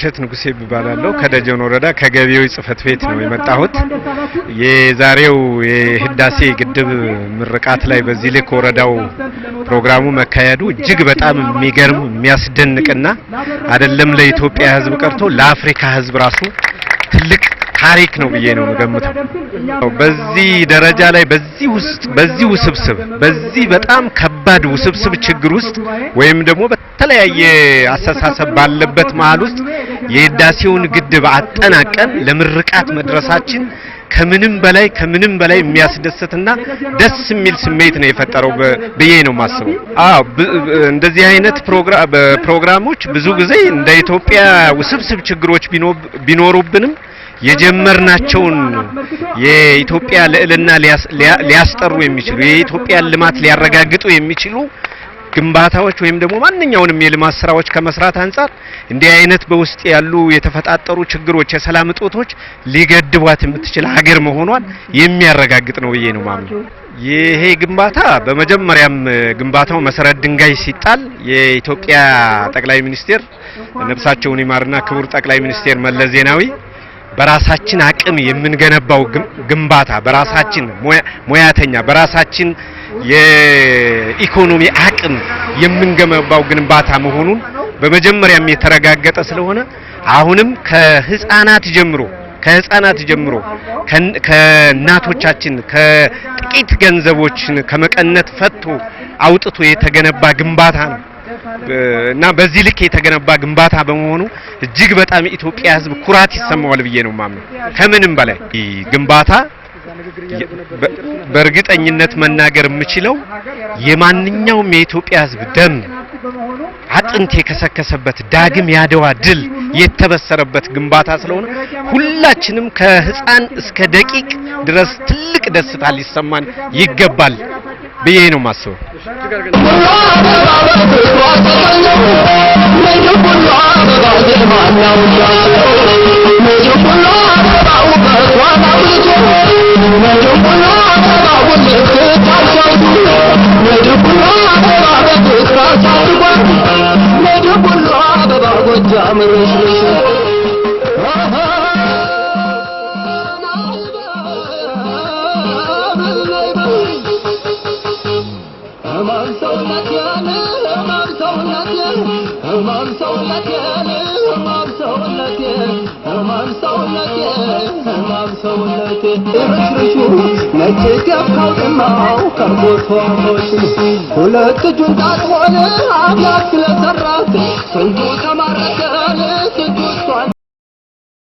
እሸት ንጉሴ ይባላለሁ። ከደጀን ወረዳ ከገቢዎች ጽሕፈት ቤት ነው የመጣሁት። የዛሬው የህዳሴ ግድብ ምርቃት ላይ በዚህ ልክ ወረዳው ፕሮግራሙ መካሄዱ እጅግ በጣም የሚገርም የሚያስደንቅና አይደለም ለኢትዮጵያ ህዝብ ቀርቶ ለአፍሪካ ህዝብ ራሱ ትልቅ ታሪክ ነው ብዬ ነው የምገምተው። በዚህ ደረጃ ላይ በዚህ ውስጥ በዚህ ውስብስብ በዚህ በጣም ከባድ ውስብስብ ችግር ውስጥ ወይም ደግሞ በተለያየ አስተሳሰብ ባለበት መሀል ውስጥ የህዳሴውን ግድብ አጠናቀን ለምርቃት መድረሳችን ከምንም በላይ ከምንም በላይ የሚያስደስትና ደስ የሚል ስሜት ነው የፈጠረው ብዬ ነው የማስበው። አዎ እንደዚህ አይነት ፕሮግራሞች ብዙ ጊዜ እንደ ኢትዮጵያ ውስብስብ ችግሮች ቢኖሩብንም የጀመርናቸውን የኢትዮጵያ ልዕልና ሊያስጠሩ የሚችሉ የኢትዮጵያን ልማት ሊያረጋግጡ የሚችሉ ግንባታዎች ወይም ደግሞ ማንኛውንም የልማት ስራዎች ከመስራት አንጻር እንዲህ አይነት በውስጥ ያሉ የተፈጣጠሩ ችግሮች፣ የሰላም እጦቶች ሊገድቧት የምትችል ሀገር መሆኗን የሚያረጋግጥ ነው ብዬ ነው ማምነው። ይሄ ግንባታ በመጀመሪያም ግንባታው መሰረት ድንጋይ ሲጣል የኢትዮጵያ ጠቅላይ ሚኒስቴር ነፍሳቸውን ይማርና ክቡር ጠቅላይ ሚኒስቴር መለስ ዜናዊ በራሳችን አቅም የምንገነባው ግንባታ በራሳችን ሙያተኛ በራሳችን የኢኮኖሚ አቅም የምንገነባው ግንባታ መሆኑን በመጀመሪያም የተረጋገጠ ስለሆነ አሁንም ከህፃናት ጀምሮ ከህፃናት ጀምሮ ከእናቶቻችን ከጥቂት ገንዘቦችን ከመቀነት ፈቶ አውጥቶ የተገነባ ግንባታ ነው። እና በዚህ ልክ የተገነባ ግንባታ በመሆኑ እጅግ በጣም የኢትዮጵያ ሕዝብ ኩራት ይሰማዋል ብዬ ነው ማምነው። ከምንም በላይ ግንባታ በእርግጠኝነት መናገር የምችለው የማንኛውም የኢትዮጵያ ሕዝብ ደም አጥንት የከሰከሰበት ዳግም ያደዋ ድል የተበሰረበት ግንባታ ስለሆነ ሁላችንም ከህፃን እስከ ደቂቅ ድረስ ትልቅ ደስታ ሊሰማን ይገባል ብዬ ነው ማስበው። ሁለት እጁን ጣጥሞ ያክለተ Santo, Santo Camaracanã, Santo